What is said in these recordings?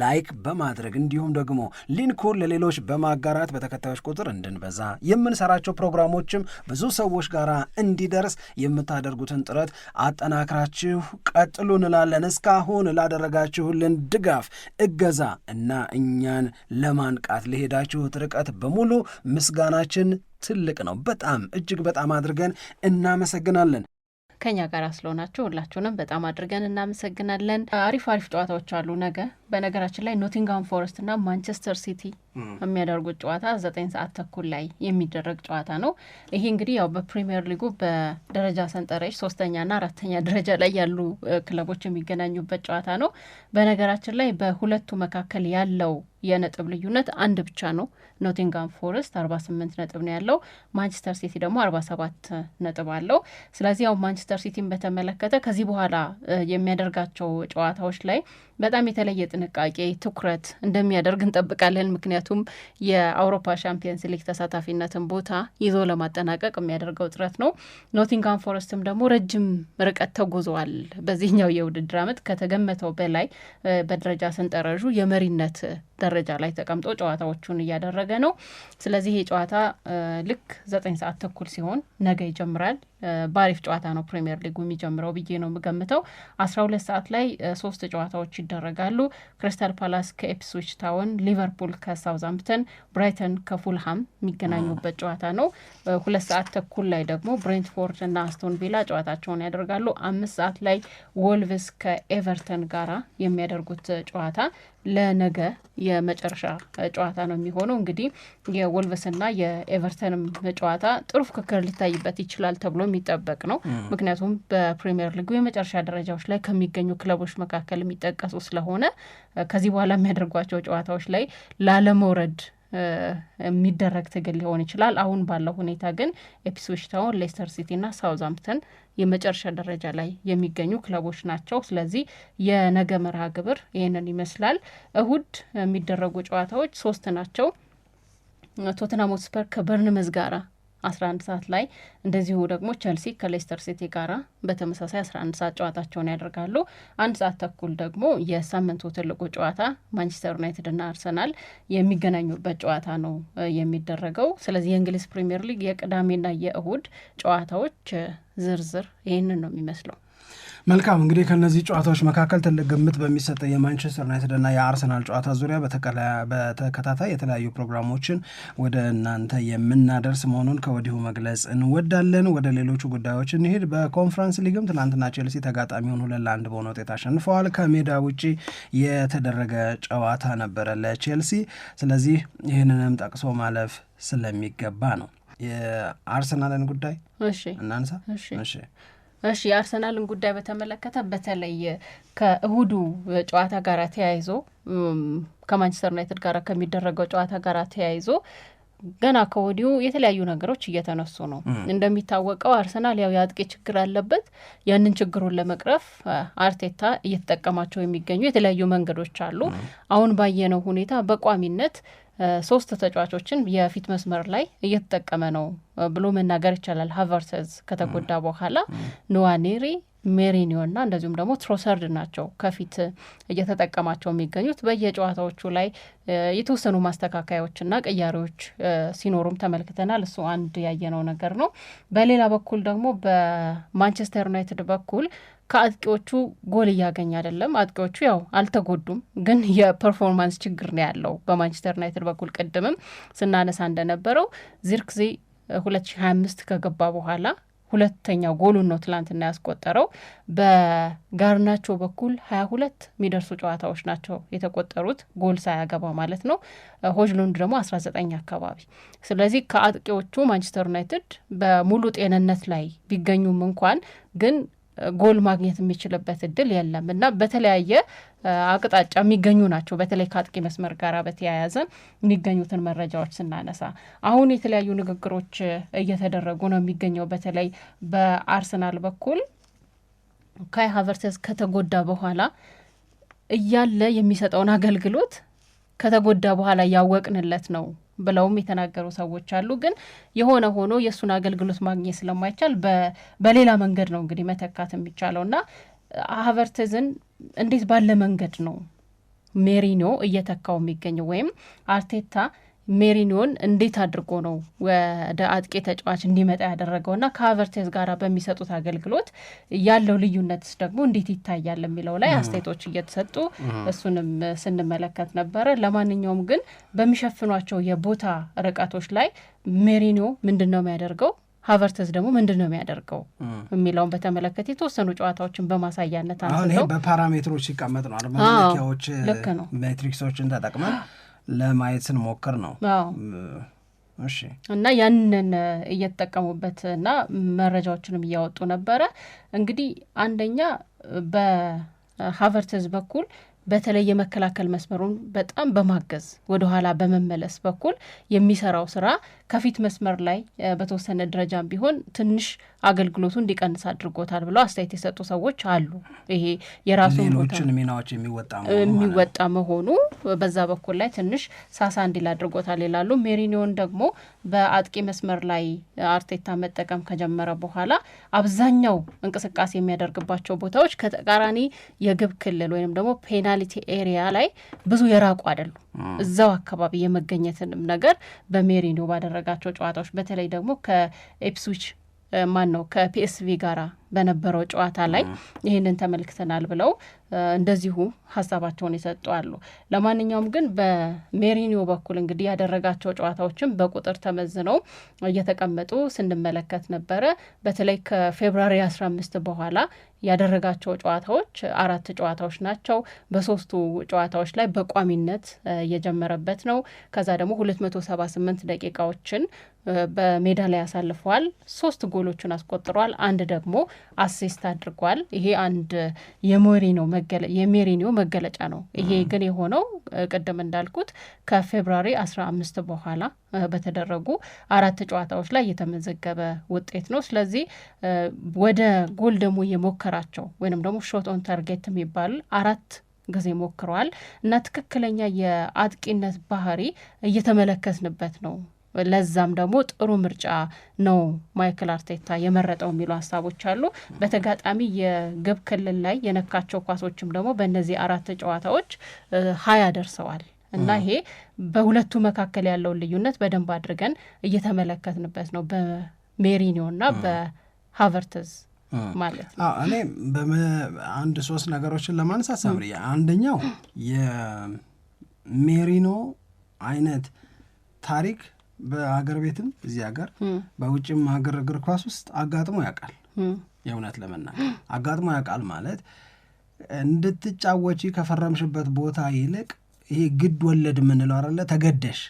ላይክ በማድረግ እንዲሁም ደግሞ ሊንኩን ለሌሎች በማጋራት በተከታዮች ቁጥር እንድንበዛ የምንሰራቸው ፕሮግራሞችም ብዙ ሰዎች ጋር እንዲደርስ የምታደርጉትን ጥረት አጠናክራችሁ ቀጥሉ እንላለን። እስካሁን ላደረጋችሁልን ድጋፍ፣ እገዛ እና እኛን ለማንቃት ለሄዳችሁት ርቀት በሙሉ ምስጋናችን ትልቅ ነው። በጣም እጅግ በጣም አድርገን እናመሰግናለን። ከኛ ጋር ስለሆናችሁ ሁላችሁንም በጣም አድርገን እናመሰግናለን። አሪፍ አሪፍ ጨዋታዎች አሉ ነገ በነገራችን ላይ ኖቲንግሃም ፎረስት እና ማንቸስተር ሲቲ የሚያደርጉት ጨዋታ ዘጠኝ ሰዓት ተኩል ላይ የሚደረግ ጨዋታ ነው። ይሄ እንግዲህ ያው በፕሪሚየር ሊጉ በደረጃ ሰንጠረዥ ሶስተኛና አራተኛ ደረጃ ላይ ያሉ ክለቦች የሚገናኙበት ጨዋታ ነው። በነገራችን ላይ በሁለቱ መካከል ያለው የነጥብ ልዩነት አንድ ብቻ ነው። ኖቲንግሃም ፎረስት አርባ ስምንት ነጥብ ነው ያለው፣ ማንቸስተር ሲቲ ደግሞ አርባ ሰባት ነጥብ አለው። ስለዚህ ያው ማንቸስተር ሲቲን በተመለከተ ከዚህ በኋላ የሚያደርጋቸው ጨዋታዎች ላይ በጣም የተለየ ጥንቃቄ ትኩረት እንደሚያደርግ እንጠብቃለን። ምክንያቱም የአውሮፓ ሻምፒየንስ ሊግ ተሳታፊነትን ቦታ ይዞ ለማጠናቀቅ የሚያደርገው ጥረት ነው። ኖቲንጋም ፎረስትም ደግሞ ረጅም ርቀት ተጉዟል በዚህኛው የውድድር ዓመት ከተገመተው በላይ በደረጃ ሰንጠረዡ የመሪነት ደረጃ ላይ ተቀምጦ ጨዋታዎቹን እያደረገ ነው። ስለዚህ ይህ ጨዋታ ልክ ዘጠኝ ሰዓት ተኩል ሲሆን ነገ ይጀምራል። በአሪፍ ጨዋታ ነው ፕሪሚየር ሊጉ የሚጀምረው ብዬ ነው የምገምተው። አስራ ሁለት ሰዓት ላይ ሶስት ጨዋታዎች ይደረጋሉ። ክሪስታል ፓላስ ከኤፕስዊች ታውን፣ ሊቨርፑል ከሳውዝሃምፕተን፣ ብራይተን ከፉልሃም የሚገናኙበት ጨዋታ ነው። ሁለት ሰዓት ተኩል ላይ ደግሞ ብሬንትፎርድ እና አስቶን ቪላ ጨዋታቸውን ያደርጋሉ። አምስት ሰዓት ላይ ወልቭስ ከኤቨርተን ጋራ የሚያደርጉት ጨዋታ ለነገ የመጨረሻ ጨዋታ ነው የሚሆነው። እንግዲህ የወልቨስና የኤቨርተንም ጨዋታ ጥሩ ፍክክር ሊታይበት ይችላል ተብሎ የሚጠበቅ ነው። ምክንያቱም በፕሪሚየር ሊጉ የመጨረሻ ደረጃዎች ላይ ከሚገኙ ክለቦች መካከል የሚጠቀሱ ስለሆነ ከዚህ በኋላ የሚያደርጓቸው ጨዋታዎች ላይ ላለመውረድ የሚደረግ ትግል ሊሆን ይችላል። አሁን ባለው ሁኔታ ግን ኢፕስዊች ታውን፣ ሌስተር ሲቲና ሳውዛምፕተን የመጨረሻ ደረጃ ላይ የሚገኙ ክለቦች ናቸው። ስለዚህ የነገ መርሃ ግብር ይህንን ይመስላል። እሁድ የሚደረጉ ጨዋታዎች ሶስት ናቸው። ቶትናም ሆትስፐር ከበርንመዝ ጋራ 11 ሰዓት ላይ እንደዚሁ ደግሞ ቸልሲ ከሌስተር ሲቲ ጋራ በተመሳሳይ አንድ ሰዓት ጨዋታቸውን ያደርጋሉ። አንድ ሰዓት ተኩል ደግሞ የሳምንቱ ትልቁ ጨዋታ ማንቸስተር ዩናይትድና አርሰናል የሚገናኙበት ጨዋታ ነው የሚደረገው። ስለዚህ የእንግሊዝ ፕሪምየር ሊግ የቅዳሜና የእሁድ ጨዋታዎች ዝርዝር ይህንን ነው የሚመስለው። መልካም እንግዲህ ከእነዚህ ጨዋታዎች መካከል ትልቅ ግምት በሚሰጠ የማንቸስተር ዩናይትድ እና የአርሰናል ጨዋታ ዙሪያ በተከታታይ የተለያዩ ፕሮግራሞችን ወደ እናንተ የምናደርስ መሆኑን ከወዲሁ መግለጽ እንወዳለን። ወደ ሌሎቹ ጉዳዮች እንሄድ። በኮንፈረንስ ሊግም ትናንትና ቼልሲ ተጋጣሚውን ሁለት ለአንድ በሆነ ውጤት አሸንፈዋል። ከሜዳ ውጪ የተደረገ ጨዋታ ነበረ ለቼልሲ። ስለዚህ ይህንንም ጠቅሶ ማለፍ ስለሚገባ ነው። የአርሰናልን ጉዳይ እናንሳ። እሺ የአርሰናልን ጉዳይ በተመለከተ በተለይ ከእሁዱ ጨዋታ ጋር ተያይዞ ከማንቸስተር ዩናይትድ ጋር ከሚደረገው ጨዋታ ጋር ተያይዞ ገና ከወዲሁ የተለያዩ ነገሮች እየተነሱ ነው። እንደሚታወቀው አርሰናል ያው የአጥቂ ችግር አለበት። ያንን ችግሩን ለመቅረፍ አርቴታ እየተጠቀማቸው የሚገኙ የተለያዩ መንገዶች አሉ። አሁን ባየነው ሁኔታ በቋሚነት ሶስት ተጫዋቾችን የፊት መስመር ላይ እየተጠቀመ ነው ብሎ መናገር ይቻላል። ሀቨርተዝ ከተጎዳ በኋላ ንዋኔሪ ሜሪኒዮ እና እንደዚሁም ደግሞ ትሮሰርድ ናቸው ከፊት እየተጠቀማቸው የሚገኙት። በየጨዋታዎቹ ላይ የተወሰኑ ማስተካከያዎችና ቅያሬዎች ሲኖሩም ተመልክተናል። እሱ አንድ ያየነው ነገር ነው። በሌላ በኩል ደግሞ በማንቸስተር ዩናይትድ በኩል ከአጥቂዎቹ ጎል እያገኝ አይደለም። አጥቂዎቹ ያው አልተጎዱም፣ ግን የፐርፎርማንስ ችግር ነው ያለው በማንቸስተር ዩናይትድ በኩል ቅድምም ስናነሳ እንደነበረው ዚርክዜ 2025 ከገባ በኋላ ሁለተኛ ጎሉን ነው ትላንትና ያስቆጠረው። በጋርናቾ በኩል ሀያ ሁለት የሚደርሱ ጨዋታዎች ናቸው የተቆጠሩት ጎል ሳያገባ ማለት ነው። ሆጅሉንድ ደግሞ አስራ ዘጠኝ አካባቢ። ስለዚህ ከአጥቂዎቹ ማንቸስተር ዩናይትድ በሙሉ ጤንነት ላይ ቢገኙም እንኳን ግን ጎል ማግኘት የሚችልበት እድል የለም እና በተለያየ አቅጣጫ የሚገኙ ናቸው። በተለይ ከአጥቂ መስመር ጋር በተያያዘ የሚገኙትን መረጃዎች ስናነሳ አሁን የተለያዩ ንግግሮች እየተደረጉ ነው የሚገኘው በተለይ በአርሰናል በኩል ካይ ከተጎዳ በኋላ እያለ የሚሰጠውን አገልግሎት ከተጎዳ በኋላ ያወቅንለት ነው ብለውም የተናገሩ ሰዎች አሉ። ግን የሆነ ሆኖ የእሱን አገልግሎት ማግኘት ስለማይቻል በሌላ መንገድ ነው እንግዲህ መተካት የሚቻለው እና ሀቨርትዝን እንዴት ባለ መንገድ ነው ሜሪኖ እየተካው የሚገኘው ወይም አርቴታ ሜሪኒዮን እንዴት አድርጎ ነው ወደ አጥቂ ተጫዋች እንዲመጣ እና ከሀቨርቴዝ ጋር በሚሰጡት አገልግሎት ያለው ልዩነትስ ደግሞ እንዴት ይታያል የሚለው ላይ አስተያየቶች እየተሰጡ እሱንም ስንመለከት ነበረ። ለማንኛውም ግን በሚሸፍኗቸው የቦታ ርቀቶች ላይ ሜሪኒዮ ምንድን ነው የሚያደርገው ሀቨርተስ ደግሞ ምንድን ነው የሚያደርገው የሚለውን በተመለከተ የተወሰኑ ጨዋታዎችን በማሳያነት አንስተው ይሄ በፓራሜትሮች ሲቀመጥ ነው አለመለኪያዎች ሜትሪክሶችን ተጠቅመን ለማየት ስንሞክር ነው። እሺ እና ያንን እየተጠቀሙበት እና መረጃዎችንም እያወጡ ነበረ። እንግዲህ አንደኛ በሀቨርትዝ በኩል በተለይ የመከላከል መስመሩን በጣም በማገዝ ወደኋላ በመመለስ በኩል የሚሰራው ስራ ከፊት መስመር ላይ በተወሰነ ደረጃም ቢሆን ትንሽ አገልግሎቱ እንዲቀንስ አድርጎታል ብለው አስተያየት የሰጡ ሰዎች አሉ። ይሄ የራሱን ሌሎችን ሚናዎች የሚወጣ መሆኑ በዛ በኩል ላይ ትንሽ ሳሳ እንዲል አድርጎታል ይላሉ። ሜሪኒዮን ደግሞ በአጥቂ መስመር ላይ አርቴታ መጠቀም ከጀመረ በኋላ አብዛኛው እንቅስቃሴ የሚያደርግባቸው ቦታዎች ከተቃራኒ የግብ ክልል ወይም ደግሞ ፔናልቲ ኤሪያ ላይ ብዙ የራቁ አይደሉም። እዛው አካባቢ የመገኘትንም ነገር በሜሪኖ ባደረጋቸው ጨዋታዎች በተለይ ደግሞ ከኤፕስዊች ማን ነው ከፒኤስቪ ጋራ በነበረው ጨዋታ ላይ ይህንን ተመልክተናል ብለው እንደዚሁ ሀሳባቸውን የሰጡ አሉ። ለማንኛውም ግን በሜሪኒዮ በኩል እንግዲህ ያደረጋቸው ጨዋታዎችን በቁጥር ተመዝነው እየተቀመጡ ስንመለከት ነበረ። በተለይ ከፌብራሪ አስራ አምስት በኋላ ያደረጋቸው ጨዋታዎች አራት ጨዋታዎች ናቸው። በሶስቱ ጨዋታዎች ላይ በቋሚነት እየጀመረበት ነው። ከዛ ደግሞ ሁለት መቶ ሰባ ስምንት ደቂቃዎችን በሜዳ ላይ ያሳልፈዋል። ሶስት ጎሎችን አስቆጥሯል። አንድ ደግሞ አሲስት አድርጓል። ይሄ አንድ የሞሪ ነው የሜሪኒዮ መገለጫ ነው። ይሄ ግን የሆነው ቅድም እንዳልኩት ከፌብራሪ አስራ አምስት በኋላ በተደረጉ አራት ጨዋታዎች ላይ የተመዘገበ ውጤት ነው። ስለዚህ ወደ ጎል ደግሞ የሞከራቸው ወይንም ደግሞ ሾት ኦን ታርጌት የሚባል አራት ጊዜ ሞክረዋል እና ትክክለኛ የአጥቂነት ባህሪ እየተመለከትንበት ነው ለዛም ደግሞ ጥሩ ምርጫ ነው ማይክል አርቴታ የመረጠው የሚሉ ሀሳቦች አሉ። በተጋጣሚ የግብ ክልል ላይ የነካቸው ኳሶችም ደግሞ በእነዚህ አራት ጨዋታዎች ሀያ ደርሰዋል እና ይሄ በሁለቱ መካከል ያለውን ልዩነት በደንብ አድርገን እየተመለከትንበት ነው በሜሪኒዮ እና በሀቨርትዝ ማለት ነው። እኔ አንድ ሶስት ነገሮችን ለማንሳት ሳምሪ፣ አንደኛው የሜሪኖ አይነት ታሪክ በአገር ቤትም እዚህ ሀገር በውጭም ሀገር እግር ኳስ ውስጥ አጋጥሞ ያውቃል። የእውነት ለመናገር አጋጥሞ ያውቃል ማለት እንድትጫወች ከፈረምሽበት ቦታ ይልቅ ይሄ ግድ ወለድ የምንለው አለ ተገደሽ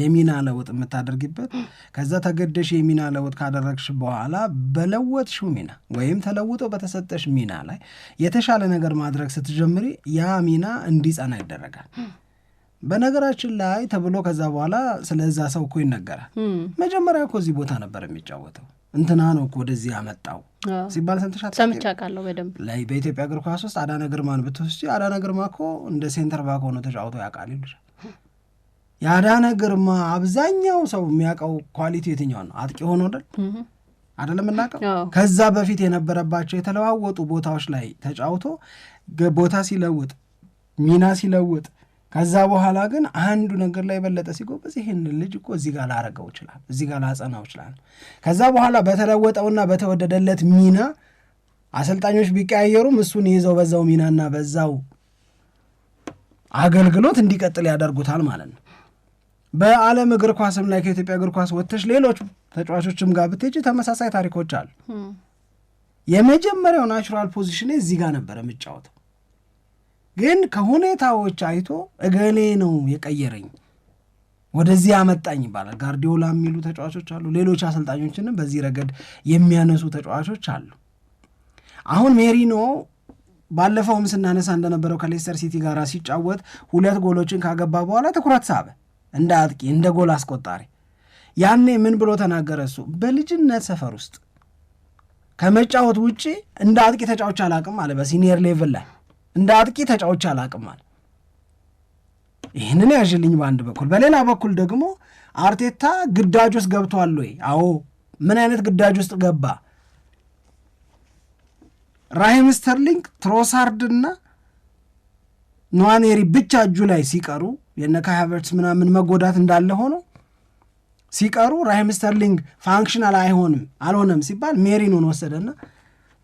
የሚና ለውጥ የምታደርጊበት ከዛ ተገደሽ የሚና ለውጥ ካደረግሽ በኋላ በለወጥሽው ሚና ወይም ተለውጦ በተሰጠሽ ሚና ላይ የተሻለ ነገር ማድረግ ስትጀምሪ ያ ሚና እንዲጸና ይደረጋል። በነገራችን ላይ ተብሎ ከዛ በኋላ ስለዛ ሰው እኮ ይነገራል። መጀመሪያ እኮ እዚህ ቦታ ነበር የሚጫወተው እንትና ነው እኮ ወደዚህ ያመጣው ሲባል ሰምተሻል? ሰምቻለሁ በደንብ ላይ በኢትዮጵያ እግር ኳስ ውስጥ አዳነ ግርማን ብትወስጂ አዳነ ግርማ እኮ እንደ ሴንተር ባክ ሆኖ ተጫውቶ ያውቃል ይሉሻል። የአዳነ ግርማ አብዛኛው ሰው የሚያውቀው ኳሊቲ የትኛው ነው? አጥቂ ሆኖ ደል አይደለም እናውቀው። ከዛ በፊት የነበረባቸው የተለዋወጡ ቦታዎች ላይ ተጫውቶ ቦታ ሲለውጥ ሚና ሲለውጥ ከዛ በኋላ ግን አንዱ ነገር ላይ የበለጠ ሲጎበዝ ይህን ልጅ እኮ እዚህ ጋር ላረገው ይችላል፣ እዚህ ጋር ላጸናው ይችላል። ከዛ በኋላ በተለወጠውና በተወደደለት ሚና አሰልጣኞች ቢቀያየሩም እሱን ይዘው በዛው ሚናና በዛው አገልግሎት እንዲቀጥል ያደርጉታል ማለት ነው። በዓለም እግር ኳስም ላይ ከኢትዮጵያ እግር ኳስ ወጥተሽ ሌሎች ተጫዋቾችም ጋር ብትሄጂ ተመሳሳይ ታሪኮች አሉ። የመጀመሪያው ናቹራል ፖዚሽን እዚህ ጋር ነበረ የምጫወተው ግን ከሁኔታዎች አይቶ እገሌ ነው የቀየረኝ ወደዚህ አመጣኝ ይባላል። ጋርዲዮላ የሚሉ ተጫዋቾች አሉ። ሌሎች አሰልጣኞችንም በዚህ ረገድ የሚያነሱ ተጫዋቾች አሉ። አሁን ሜሪኖ ባለፈውም ስናነሳ እንደነበረው ከሌስተር ሲቲ ጋር ሲጫወት ሁለት ጎሎችን ካገባ በኋላ ትኩረት ሳበ፣ እንደ አጥቂ፣ እንደ ጎል አስቆጣሪ። ያኔ ምን ብሎ ተናገረ? እሱ በልጅነት ሰፈር ውስጥ ከመጫወት ውጪ እንደ አጥቂ ተጫዋች አላቅም አለ በሲኒየር ሌቭል ላይ እንደ አጥቂ ተጫዎች አላቅማል። ይህንን ያዥልኝ በአንድ በኩል በሌላ በኩል ደግሞ አርቴታ ግዳጅ ውስጥ ገብቷል ወይ? አዎ። ምን አይነት ግዳጅ ውስጥ ገባ? ራሂም ስተርሊንግ ትሮሳርድና ኗኔሪ ብቻ እጁ ላይ ሲቀሩ የነ ካይ ሃቨርትስ ምናምን መጎዳት እንዳለ ሆኖ ሲቀሩ ራሂም ስተርሊንግ ፋንክሽናል አይሆንም አልሆነም ሲባል ሜሪኖን ወሰደና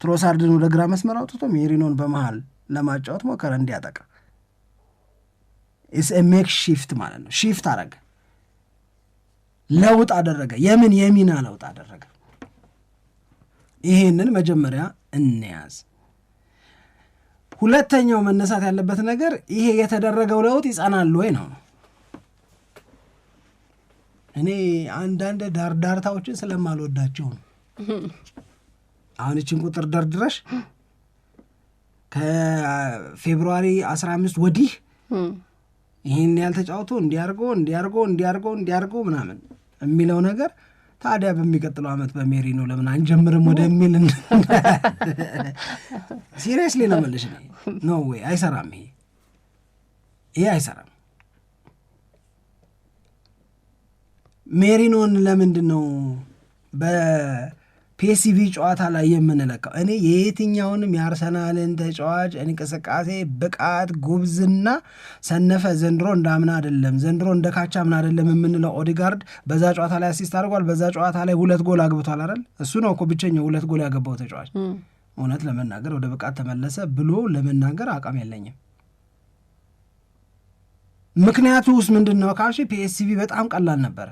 ትሮሳርድን ወደ ግራ መስመር አውጥቶ ሜሪኖን በመሃል ለማጫወት ሞከረ እንዲያጠቃ ሜክ ሺፍት ማለት ነው። ሺፍት አረገ፣ ለውጥ አደረገ። የምን የሚና ለውጥ አደረገ። ይሄንን መጀመሪያ እንያዝ። ሁለተኛው መነሳት ያለበት ነገር ይሄ የተደረገው ለውጥ ይጸናል ወይ ነው። እኔ አንዳንድ ዳርዳርታዎችን ስለማልወዳቸው ነው። አሁን ይችን ቁጥር ደርድረሽ ከፌብሩዋሪ 15 ወዲህ ይህን ያህል እንዲያርጎ እንዲያርጎ እንዲያርጎ እንዲያርጎ ምናምን የሚለው ነገር ታዲያ በሚቀጥለው ዓመት በሜሪኖ ለምን አንጀምርም ወደሚል ሲሪየስሊ ነው መልሽ ኖ ወይ አይሰራም፣ ይሄ ይሄ አይሰራም። ሜሪኖን ለምንድን ነው ፒኤስቪ ጨዋታ ላይ የምንለካው። እኔ የየትኛውንም የአርሰናልን ተጫዋች እንቅስቃሴ፣ ብቃት፣ ጉብዝና ሰነፈ ዘንድሮ እንዳምን አደለም ዘንድሮ እንደ ካቻ ምና አይደለም የምንለው ኦዲጋርድ በዛ ጨዋታ ላይ አሲስት አድርጓል። በዛ ጨዋታ ላይ ሁለት ጎል አግብቷል አይደል? እሱ ነው እኮ ብቸኛው ሁለት ጎል ያገባው ተጫዋች። እውነት ለመናገር ወደ ብቃት ተመለሰ ብሎ ለመናገር አቅም የለኝም። ምክንያቱ ውስጥ ምንድን ነው ካልሽ ፒኤስቪ በጣም ቀላል ነበረ።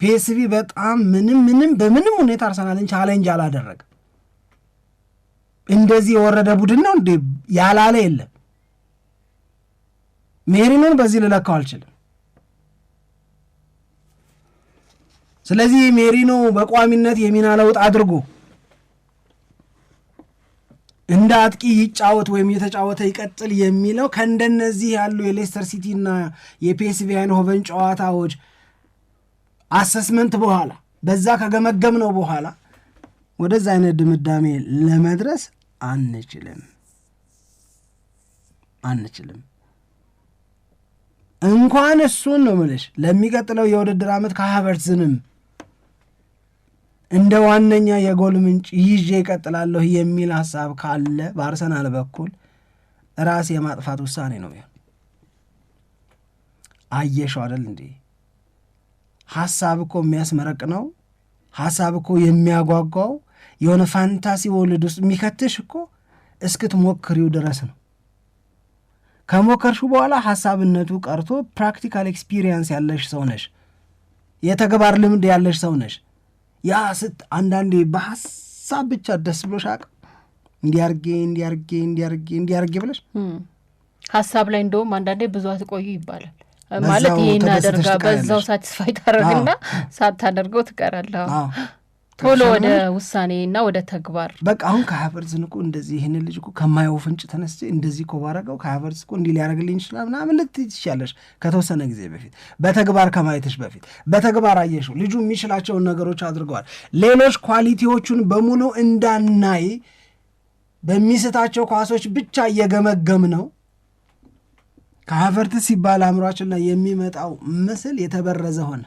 ፒኤስቪ በጣም ምንም ምንም በምንም ሁኔታ አርሰናልን ቻሌንጅ አላደረገ። እንደዚህ የወረደ ቡድን ነው እንዴ ያላለ የለም። ሜሪንን በዚህ ልለካው አልችልም። ስለዚህ ሜሪኖ በቋሚነት የሚና ለውጥ አድርጎ እንደ አጥቂ ይጫወት ወይም እየተጫወተ ይቀጥል የሚለው ከእንደነዚህ ያሉ የሌስተር ሲቲ እና የፒኤስቪ አይንሆቨን ጨዋታዎች አሰስመንት በኋላ በዛ ከገመገም ነው በኋላ ወደዛ አይነት ድምዳሜ ለመድረስ አንችልም አንችልም። እንኳን እሱን ነው ምልሽ ለሚቀጥለው የውድድር ዓመት ከሀቨርትዝንም እንደ ዋነኛ የጎል ምንጭ ይዤ ይቀጥላለሁ የሚል ሀሳብ ካለ በአርሰናል በኩል ራስ የማጥፋት ውሳኔ ነው ቢሆን አየሸው አደል እንዴ? ሀሳብ እኮ የሚያስመረቅ ነው። ሀሳብ እኮ የሚያጓጓው የሆነ ፋንታሲ ወልድ ውስጥ የሚከትሽ እኮ እስክትሞክሪው ድረስ ነው። ከሞከርሹ በኋላ ሀሳብነቱ ቀርቶ ፕራክቲካል ኤክስፒሪየንስ ያለሽ ሰው ነሽ። የተግባር ልምድ ያለሽ ሰው ነሽ። ያ ስት አንዳንዴ በሀሳብ ብቻ ደስ ብሎሽ አቅ እንዲያርጌ እንዲያርጌ እንዲያርጌ እንዲያርጌ ብለሽ ሀሳብ ላይ እንደውም አንዳንዴ ብዙ አትቆዩ ይባላል። ማለት ይሄን አደርጋ በዛው ሳቲስፋይ ታደርግና ሳታደርገው ትቀራለሁ። ቶሎ ወደ ውሳኔ ውሳኔና ወደ ተግባር በቃ አሁን ከሀቨርትዝን እኮ እንደዚህ ይህን ልጅ እኮ ከማየው ፍንጭ ተነስቼ እንደዚህ እኮ ባረገው ከሀቨርትዝ እኮ እንዲህ ሊያደርግልኝ ይችላል ምናምን ልትይ ትችያለሽ። ከተወሰነ ጊዜ በፊት በተግባር ከማየትሽ በፊት በተግባር አየሽው ልጁ የሚችላቸውን ነገሮች አድርገዋል። ሌሎች ኳሊቲዎቹን በሙሉ እንዳናይ በሚስታቸው ኳሶች ብቻ እየገመገም ነው ከሀቨርትዝ ሲባል አእምሯችን ላይ የሚመጣው ምስል የተበረዘ ሆነ።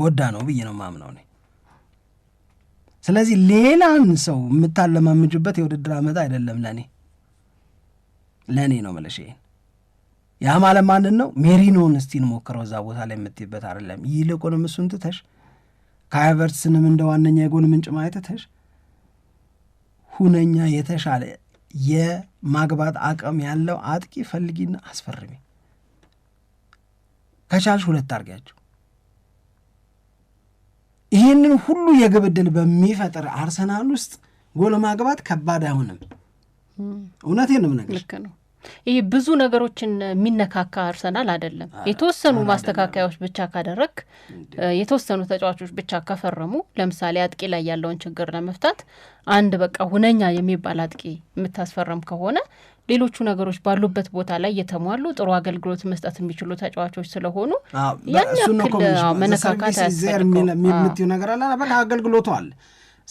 ጎዳ ነው ብዬ ነው ማምነው እኔ። ስለዚህ ሌላን ሰው የምታለማምጅበት የውድድር ዓመት አይደለም ለእኔ ለእኔ ነው መለሽ ይሄን ያ ማለት ማንን ነው ሜሪኖን እስቲን ሞክረው እዛ ቦታ ላይ የምትይበት አይደለም። ይልቁንም እሱን ትተሽ ከሀቨርትስንም እንደ ዋነኛ የጎን ምንጭ ማየት ትተሽ ሁነኛ የተሻለ ማግባት አቅም ያለው አጥቂ ፈልጊና አስፈርሚ። ከቻልሽ ሁለት አድርጊያቸው። ይህንን ሁሉ የግብ ዕድል በሚፈጥር አርሰናል ውስጥ ጎል ማግባት ከባድ አይሆንም። እውነቴን ነው የምነግርሽ። ይሄ ብዙ ነገሮችን የሚነካካ አርሰናል አይደለም። የተወሰኑ ማስተካከያዎች ብቻ ካደረግ የተወሰኑ ተጫዋቾች ብቻ ከፈረሙ፣ ለምሳሌ አጥቂ ላይ ያለውን ችግር ለመፍታት አንድ በቃ ሁነኛ የሚባል አጥቂ የምታስፈረም ከሆነ ሌሎቹ ነገሮች ባሉበት ቦታ ላይ የተሟሉ ጥሩ አገልግሎት መስጠት የሚችሉ ተጫዋቾች ስለሆኑ ያን ያክል መነካካት የምትዩ ነገር አለ። በቃ አገልግሎቱ አለ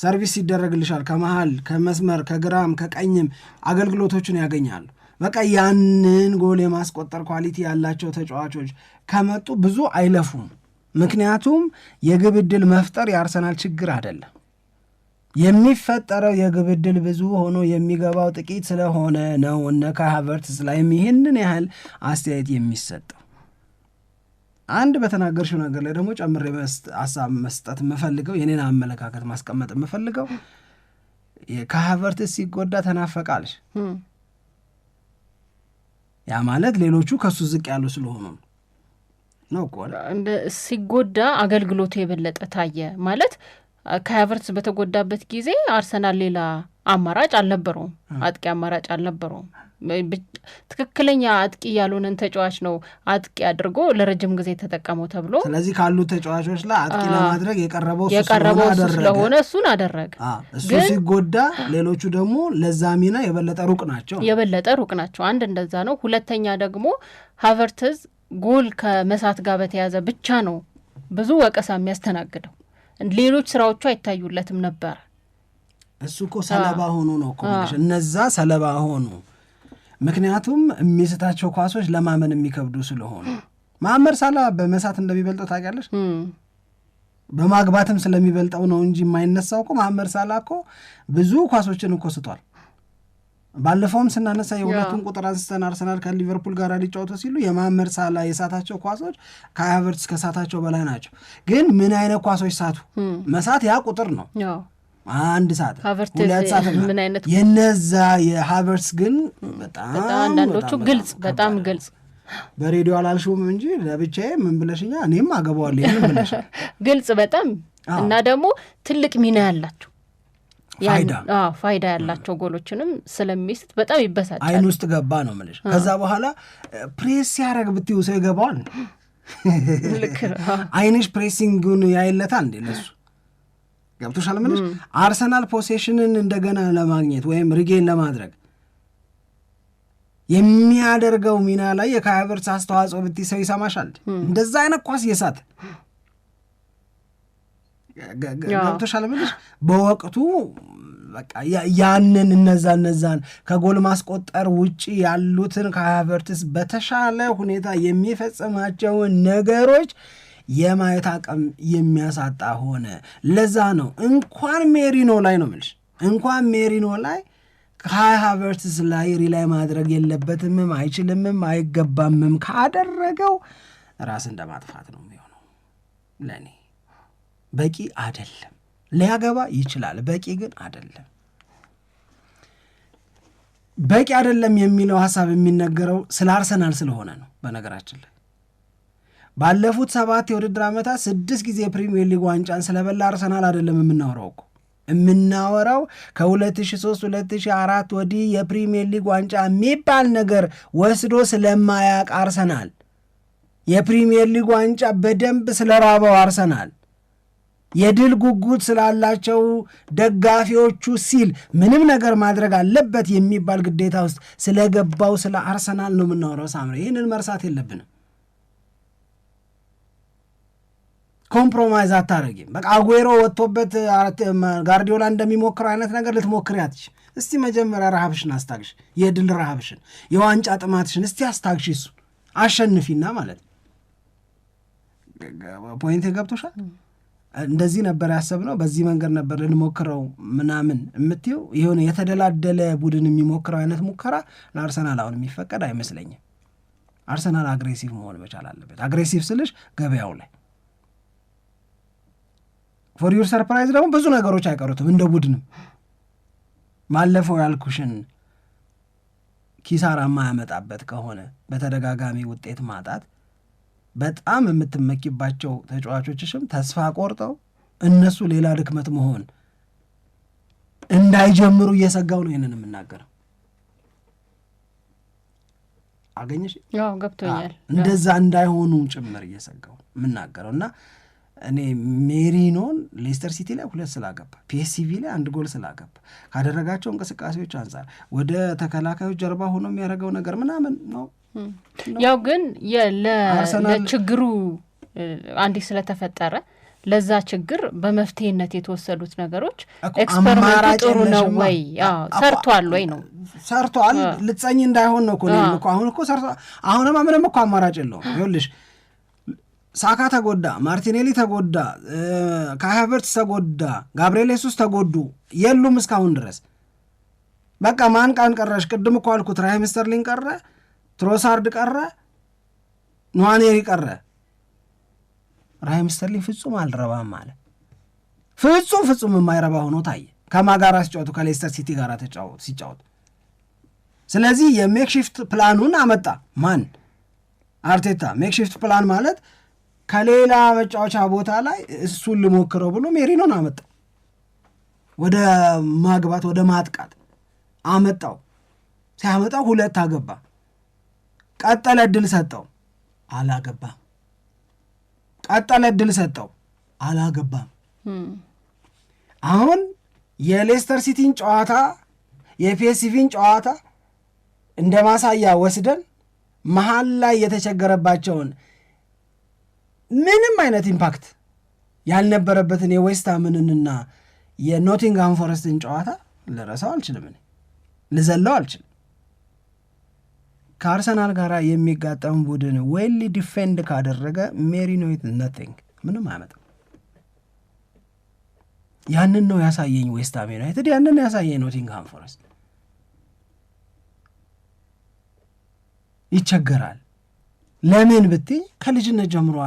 ሰርቪስ ይደረግልሻል። ከመሀል ከመስመር ከግራም ከቀኝም አገልግሎቶችን ያገኛሉ። በቃ ያንን ጎል የማስቆጠር ኳሊቲ ያላቸው ተጫዋቾች ከመጡ ብዙ አይለፉም። ምክንያቱም የግብ ዕድል መፍጠር የአርሰናል ችግር አይደለም። የሚፈጠረው የግብ ዕድል ብዙ ሆኖ የሚገባው ጥቂት ስለሆነ ነው። እነ ካይ ሃቨርትዝ ላይም ይህንን ያህል አስተያየት የሚሰጠው። አንድ በተናገርሽው ነገር ላይ ደግሞ ጨምሬ ሀሳብ መስጠት የምፈልገው የኔን አመለካከት ማስቀመጥ የምፈልገው ካይ ሃቨርትዝ ሲጎዳ ተናፈቃልሽ ያ ማለት ሌሎቹ ከእሱ ዝቅ ያሉ ስለሆኑ ነው ሲጎዳ አገልግሎቱ የበለጠ ታየ ማለት ከሀቨርትስ በተጎዳበት ጊዜ አርሰናል ሌላ አማራጭ አልነበረውም፣ አጥቂ አማራጭ አልነበረውም። ትክክለኛ አጥቂ ያልሆነን ተጫዋች ነው አጥቂ አድርጎ ለረጅም ጊዜ ተጠቀመው ተብሎ ስለዚህ ካሉ ተጫዋቾች ላይ አጥቂ ለማድረግ የቀረበው የቀረበው ስለሆነ እሱን አደረገ። እሱ ሲጎዳ ሌሎቹ ደግሞ ለዛ ሚና የበለጠ ሩቅ ናቸው የበለጠ ሩቅ ናቸው። አንድ እንደዛ ነው። ሁለተኛ ደግሞ ሀቨርትዝ ጎል ከመሳት ጋር በተያዘ ብቻ ነው ብዙ ወቀሳ የሚያስተናግደው ሌሎች ስራዎቹ አይታዩለትም ነበር። እሱ እኮ ሰለባ ሆኑ ነው እኮ እነዛ ሰለባ ሆኑ። ምክንያቱም የሚስታቸው ኳሶች ለማመን የሚከብዱ ስለሆኑ ማመር ሳላ በመሳት እንደሚበልጠው ታውቂያለሽ። በማግባትም ስለሚበልጠው ነው እንጂ የማይነሳው እኮ ማመር ሳላ እኮ ብዙ ኳሶችን እኮ ስቷል። ባለፈውም ስናነሳ የሁለቱን ቁጥር አንስተን አርሰናል ከሊቨርፑል ጋር ሊጫወቱ ሲሉ የማመር ሳላ የሳታቸው ኳሶች ከሀቨርትዝ ከሳታቸው በላይ ናቸው። ግን ምን አይነት ኳሶች ሳቱ? መሳት ያ ቁጥር ነው። አንድ ሰዓት ሁለት ሰዓት የነዛ የሀቨርትዝ ግን በጣም አንዳንዶቹ ግልጽ በጣም ግልጽ በሬዲዮ አላልሽውም እንጂ ለብቻዬ ምን ብለሽኛ እኔም አገባዋለሁ ብለሽ ግልጽ በጣም እና ደግሞ ትልቅ ሚና ያላቸው ፋይዳ ፋይዳ ያላቸው ጎሎችንም ስለሚስት በጣም ይበሳጫል። አይን ውስጥ ገባ ነው የምልሽ። ከዛ በኋላ ፕሬስ ሲያደርግ ብትይው ሰው ይገባዋል። አይንሽ ፕሬሲንግን ያይለታል እንዴ ለሱ ገብቶሻል ምንሽ አርሰናል ፖሴሽንን እንደገና ለማግኘት ወይም ሪጌን ለማድረግ የሚያደርገው ሚና ላይ የካይ አስተዋጽኦ ብትይ ሰው ይሰማሻል። እንደዛ አይነት ኳስ የሳት ገብቶሻል ብልሽ በወቅቱ ያንን እነዛ እነዛን ከጎል ማስቆጠር ውጭ ያሉትን ከሀቨርትስ በተሻለ ሁኔታ የሚፈጽማቸውን ነገሮች የማየት አቅም የሚያሳጣ ሆነ። ለዛ ነው እንኳን ሜሪኖ ላይ ነው ምልሽ እንኳን ሜሪኖ ላይ ከሀይ ሀቨርትስ ላይ ሪላይ ማድረግ የለበትምም አይችልምም አይገባምም። ካደረገው ራስ እንደ ማጥፋት ነው የሚሆነው ለእኔ በቂ አይደለም ሊያገባ ይችላል፣ በቂ ግን አይደለም በቂ አይደለም የሚለው ሀሳብ የሚነገረው ስለ አርሰናል ስለሆነ ነው። በነገራችን ላይ ባለፉት ሰባት የውድድር ዓመታት ስድስት ጊዜ የፕሪሚየር ሊግ ዋንጫን ስለበላ አርሰናል አይደለም የምናወራው እኮ የምናወራው ከ2003 2004 ወዲህ የፕሪሚየር ሊግ ዋንጫ የሚባል ነገር ወስዶ ስለማያቅ አርሰናል፣ የፕሪሚየር ሊግ ዋንጫ በደንብ ስለራበው አርሰናል የድል ጉጉት ስላላቸው ደጋፊዎቹ ሲል ምንም ነገር ማድረግ አለበት የሚባል ግዴታ ውስጥ ስለገባው ስለ አርሰናል ነው የምናወራው። ሳምሪ ይህንን መርሳት የለብንም። ኮምፕሮማይዝ አታረጊም። በቃ አጉሮ ወጥቶበት ጋርዲዮላ እንደሚሞክር አይነት ነገር ልትሞክር አትችይም። እስቲ መጀመሪያ ረሃብሽን አስታግሽ፣ የድል ረሃብሽን፣ የዋንጫ ጥማትሽን እስቲ አስታግሽ። እሱን አሸንፊና ማለት ነው። ፖይንት ገብቶሻል። እንደዚህ ነበር ያሰብነው፣ በዚህ መንገድ ነበር ልንሞክረው ምናምን የምትይው የሆነ የተደላደለ ቡድን የሚሞክረው አይነት ሙከራ ለአርሰናል አሁን የሚፈቀድ አይመስለኝም። አርሰናል አግሬሲቭ መሆን መቻል አለበት። አግሬሲቭ ስልሽ ገበያው ላይ ፎር ዩር ሰርፕራይዝ ደግሞ ብዙ ነገሮች አይቀሩትም። እንደ ቡድንም ማለፈው ያልኩሽን ኪሳራ የማያመጣበት ከሆነ በተደጋጋሚ ውጤት ማጣት በጣም የምትመኪባቸው ተጫዋቾችሽም ተስፋ ቆርጠው እነሱ ሌላ ድክመት መሆን እንዳይጀምሩ እየሰጋው ነው ይህንን የምናገረው። አገኘሽ ገብቶኛል። እንደዛ እንዳይሆኑ ጭምር እየሰጋው የምናገረው እና እኔ ሜሪኖን ሌስተር ሲቲ ላይ ሁለት ስላገባ ፒኤስሲቪ ላይ አንድ ጎል ስላገባ ካደረጋቸው እንቅስቃሴዎች አንጻር ወደ ተከላካዮች ጀርባ ሆኖ የሚያደርገው ነገር ምናምን ነው ያው ግን ለችግሩ አንዴ ስለተፈጠረ ለዛ ችግር በመፍትሄነት የተወሰዱት ነገሮች ኤክስፐሪመንቱ ጥሩ ነው ወይ ሰርቷል ወይ ነው ሰርቷል። ልጸኝ እንዳይሆን ነው እኮ እኮ አሁን እኮ ሰርቷል። አሁንማ ምንም እኮ አማራጭ የለውም። ይኸውልሽ ሳካ ተጎዳ፣ ማርቲኔሊ ተጎዳ፣ ካይ ተጎዳ፣ ጋብርኤል ሱስ ተጎዱ፣ የሉም እስካሁን ድረስ በቃ ማን ቃን ቀረሽ? ቅድም እኮ አልኩት ራሂም ስተርሊንግ ቀረ። ትሮሳርድ ቀረ፣ ኗኔሪ ቀረ። ራሂም ስተርሊንግ ፍጹም አልረባም አለ። ፍጹም ፍጹም የማይረባ ሆኖ ታየ። ከማ ጋር ሲጫወቱ ከሌስተር ሲቲ ጋር ሲጫወቱ። ስለዚህ የሜክሽፍት ፕላኑን አመጣ ማን አርቴታ። ሜክሽፍት ፕላን ማለት ከሌላ መጫወቻ ቦታ ላይ እሱን ልሞክረው ብሎ ሜሪኖን አመጣ ወደ ማግባት ወደ ማጥቃት አመጣው። ሲያመጣው ሁለት አገባ። ቀጠለ፣ እድል ሰጠው፣ አላገባም። ቀጠለ፣ እድል ሰጠው፣ አላገባም። አሁን የሌስተር ሲቲን ጨዋታ የፒኤስቪን ጨዋታ እንደ ማሳያ ወስደን መሀል ላይ የተቸገረባቸውን ምንም አይነት ኢምፓክት ያልነበረበትን የዌስትሃምንንና የኖቲንግሃም ፎረስትን ጨዋታ ልረሳው አልችልም፣ ልዘለው አልችልም። ከአርሰናል ጋር የሚጋጠም ቡድን ዌል ዲፌንድ ካደረገ ሜሪኖ ነቲንግ ምንም አያመጣም። ያንን ነው ያሳየኝ ዌስትሃም ዩናይትድ፣ ያንን ያሳየኝ ኖቲንግሃም ፎረስት። ይቸገራል። ለምን ብትይ ከልጅነት ጀምሮ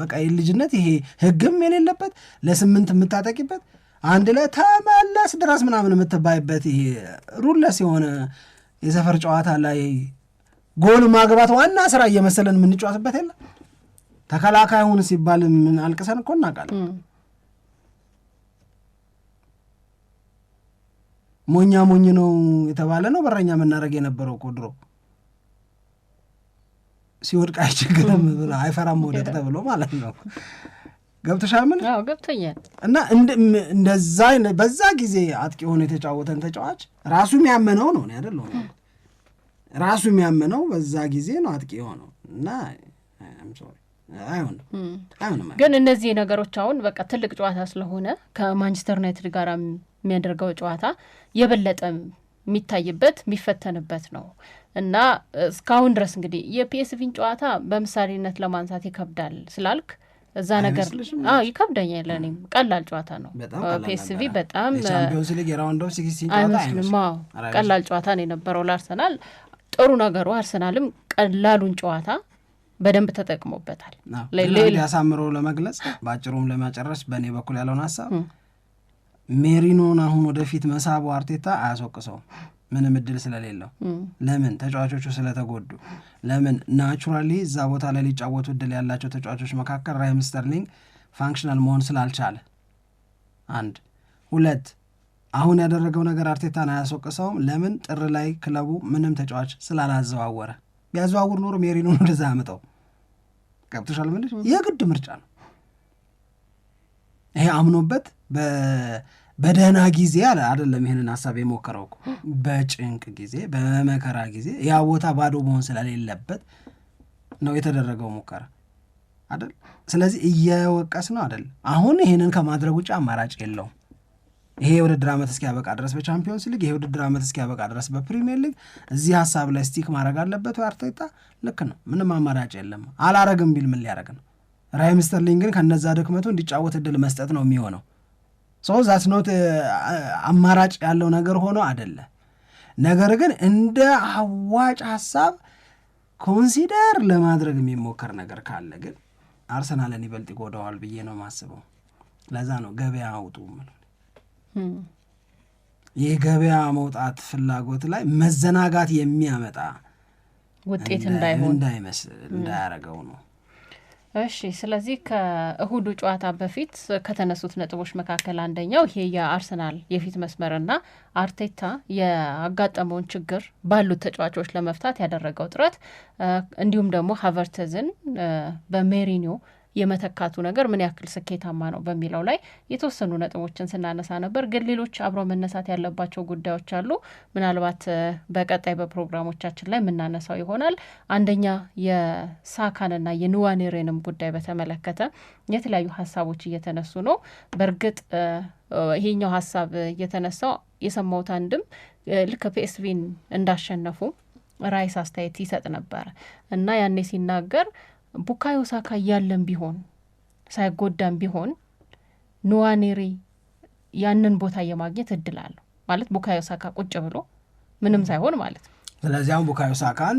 በቃ ልጅነት ይሄ ህግም የሌለበት ለስምንት የምታጠቂበት አንድ ላይ ተመለስ ድረስ ምናምን የምትባይበት ይሄ ሩለስ የሆነ የሰፈር ጨዋታ ላይ ጎል ማግባት ዋና ስራ እየመሰለን የምንጫወትበት የለ ተከላካይ ሁን ሲባል ምን አልቅሰን እኮ እናውቃለን። ሞኛ ሞኝ ነው የተባለ ነው በረኛ መናደርግ የነበረው እኮ ድሮ ሲወድቅ አይቸግርም ብሎ አይፈራም መውደቅ ተብሎ ማለት ነው። ገብቶሻል? ምን ገብቶኛል። እና እንደዛ በዛ ጊዜ አጥቂ ሆኖ የተጫወተን ተጫዋች ራሱ የሚያመነው ነው ያደለ። ራሱ የሚያምነው በዛ ጊዜ ነው አጥቂ የሆነው እና ግን እነዚህ ነገሮች አሁን በቃ ትልቅ ጨዋታ ስለሆነ ከማንቸስተር ዩናይትድ ጋር የሚያደርገው ጨዋታ የበለጠ የሚታይበት የሚፈተንበት ነው እና እስካሁን ድረስ እንግዲህ የፒኤስቪን ጨዋታ በምሳሌነት ለማንሳት ይከብዳል ስላልክ እዛ ነገር ይከብደኛል። እኔም ቀላል ጨዋታ ነው ፒኤስቪ በጣም ቀላል ጨዋታ ነው የነበረው ለአርሰናል ጥሩ ነገሩ አርሰናልም ቀላሉን ጨዋታ በደንብ ተጠቅሞበታል። ያሳምሮ ለመግለጽ በአጭሩም ለመጨረስ በእኔ በኩል ያለውን ሀሳብ ሜሪኖን አሁን ወደፊት መሳቡ አርቴታ አያስወቅሰውም ምንም እድል ስለሌለው ለምን ተጫዋቾቹ ስለተጎዱ ለምን ናቹራሊ እዛ ቦታ ላይ ሊጫወቱ እድል ያላቸው ተጫዋቾች መካከል ራሂም ስተርሊንግ ፋንክሽናል መሆን ስላልቻለ አንድ ሁለት አሁን ያደረገው ነገር አርቴታን አያስወቅሰውም። ለምን ጥር ላይ ክለቡ ምንም ተጫዋች ስላላዘዋወረ፣ ቢያዘዋውር ኖሮ ሜሪኖን ወደዛ አምጠው ገብቶሻል። ምልሽ የግድ ምርጫ ነው ይሄ። አምኖበት በደህና ጊዜ አለ አደለም። ይህንን ሀሳብ የሞከረው እኮ በጭንቅ ጊዜ፣ በመከራ ጊዜ ያ ቦታ ባዶ መሆን ስለሌለበት ነው የተደረገው ሙከራ አይደል? ስለዚህ እየወቀስ ነው አይደል? አሁን ይህንን ከማድረግ ውጭ አማራጭ የለውም። ይሄ የውድድር ዓመት እስኪያበቃ ድረስ በቻምፒዮንስ ሊግ፣ ይሄ ውድድር ዓመት እስኪያበቃ ድረስ በፕሪሚየር ሊግ እዚህ ሀሳብ ላይ ስቲክ ማድረግ አለበት ወይ አርቴታ? ልክ ነው፣ ምንም አማራጭ የለም። አላረግም ቢል ምን ሊያደረግ ነው? ራሂም ስተርሊንግ ግን ከነዛ ድክመቱ እንዲጫወት እድል መስጠት ነው የሚሆነው። ሰው ዛትኖት አማራጭ ያለው ነገር ሆኖ አደለ። ነገር ግን እንደ አዋጭ ሀሳብ ኮንሲደር ለማድረግ የሚሞከር ነገር ካለ ግን አርሰናልን ይበልጥ ይጎዳዋል ብዬ ነው ማስበው። ለዛ ነው ገበያ አውጡ የገበያ መውጣት ፍላጎት ላይ መዘናጋት የሚያመጣ ውጤት እንዳይሆን እንዳይመስል እንዳያረገው ነው። እሺ ስለዚህ ከእሁዱ ጨዋታ በፊት ከተነሱት ነጥቦች መካከል አንደኛው ይሄ የአርሰናል የፊት መስመርና አርቴታ ያጋጠመውን ችግር ባሉት ተጫዋቾች ለመፍታት ያደረገው ጥረት እንዲሁም ደግሞ ሀቨርተዝን በሜሪኒዮ የመተካቱ ነገር ምን ያክል ስኬታማ ነው በሚለው ላይ የተወሰኑ ነጥቦችን ስናነሳ ነበር። ግን ሌሎች አብሮ መነሳት ያለባቸው ጉዳዮች አሉ። ምናልባት በቀጣይ በፕሮግራሞቻችን ላይ የምናነሳው ይሆናል። አንደኛ የሳካንና የንዋኔሬንም ጉዳይ በተመለከተ የተለያዩ ሀሳቦች እየተነሱ ነው። በእርግጥ ይሄኛው ሀሳብ እየተነሳው የሰማሁት አንድም ልክ ፒኤስቪን እንዳሸነፉ ራይስ አስተያየት ይሰጥ ነበር እና ያኔ ሲናገር ቡካዮ ሳካ እያለም ቢሆን ሳይጎዳም ቢሆን ንዋኔሪ ያንን ቦታ የማግኘት እድል አለው ማለት ቡካዮ ሳካ ቁጭ ብሎ ምንም ሳይሆን ማለት ነው። ስለዚህ አሁን ቡካዮ ሳካን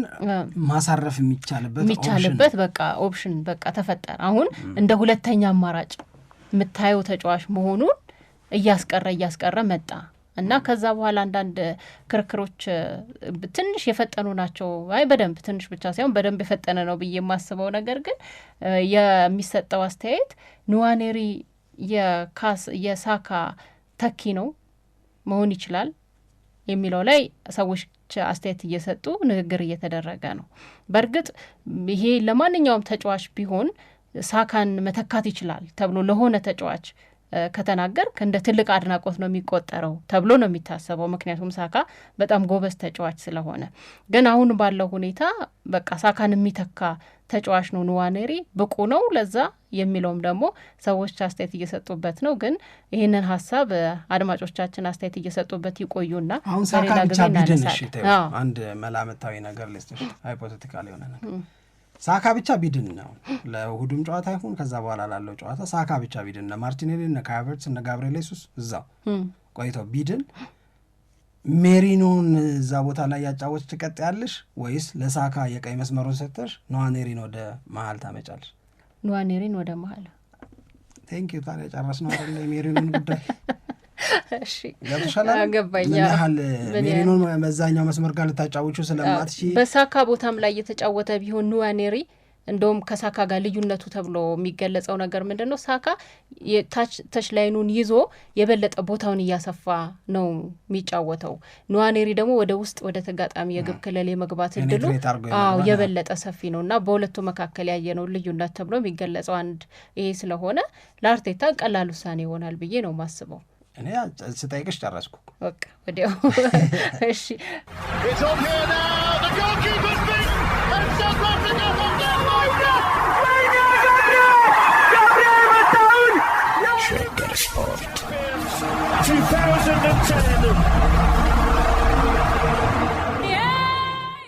ማሳረፍ የሚቻልበት የሚቻልበት በቃ ኦፕሽን በቃ ተፈጠረ። አሁን እንደ ሁለተኛ አማራጭ የምታየው ተጫዋች መሆኑን እያስቀረ እያስቀረ መጣ። እና ከዛ በኋላ አንዳንድ ክርክሮች ትንሽ የፈጠኑ ናቸው። አይ በደንብ ትንሽ ብቻ ሳይሆን በደንብ የፈጠነ ነው ብዬ የማስበው ነገር ግን የሚሰጠው አስተያየት ንዋኔሪ የሳካ ተኪ ነው መሆን ይችላል የሚለው ላይ ሰዎች አስተያየት እየሰጡ ንግግር እየተደረገ ነው። በእርግጥ ይሄ ለማንኛውም ተጫዋች ቢሆን ሳካን መተካት ይችላል ተብሎ ለሆነ ተጫዋች ከተናገርክ እንደ ትልቅ አድናቆት ነው የሚቆጠረው ተብሎ ነው የሚታሰበው። ምክንያቱም ሳካ በጣም ጎበዝ ተጫዋች ስለሆነ። ግን አሁን ባለው ሁኔታ በቃ ሳካን የሚተካ ተጫዋች ነው ንዋኔሪ፣ ብቁ ነው ለዛ የሚለውም ደግሞ ሰዎች አስተያየት እየሰጡበት ነው። ግን ይህንን ሀሳብ አድማጮቻችን አስተያየት እየሰጡበት ይቆዩና አሁን ሳካ ብቻ ቢድንሽ አንድ መላምታዊ ነገር ሊስትሽ ሃይፖቴቲካል የሆነ ነገር ሳካ ብቻ ቢድን ነው ለእሁዱም ጨዋታ ይሁን ከዛ በኋላ ላለው ጨዋታ ሳካ ብቻ ቢድን ነው። ማርቲኔሊ እነ ካቨርትስ እነ ጋብርኤል ሱስ እዛው ቆይተው ቢድን ሜሪኖን እዛ ቦታ ላይ ያጫወች ትቀጥ ያለሽ ወይስ ለሳካ የቀይ መስመሩን ሰጥተሽ ነዋኔሪን ወደ መሀል ታመጫለሽ? ነዋኔሪን ወደ መሀል ቴንኪዩ። ታዲያ ጨረስነው አይደለ የሜሪኖን ጉዳይ ገብቶሻል። ሜሪኖን መዛኛው መስመር ጋር ልታጫውቹ ስለማት በሳካ ቦታም ላይ የተጫወተ ቢሆን ኑዋኔሪ እንደውም ከሳካ ጋር ልዩነቱ ተብሎ የሚገለጸው ነገር ምንድን ነው? ሳካ ተች ላይኑን ይዞ የበለጠ ቦታውን እያሰፋ ነው የሚጫወተው። ኑዋኔሪ ደግሞ ወደ ውስጥ ወደ ተጋጣሚ የግብ ክልል የመግባት እድሉ አዎ የበለጠ ሰፊ ነው እና በሁለቱ መካከል ያየነው ልዩነት ተብሎ የሚገለጸው አንድ ይሄ ስለሆነ ለአርቴታ ቀላል ውሳኔ ይሆናል ብዬ ነው ማስበው። እኔ ስጠይቅሽ ጨረስኩ። ወዲያው እሺ ስፖርት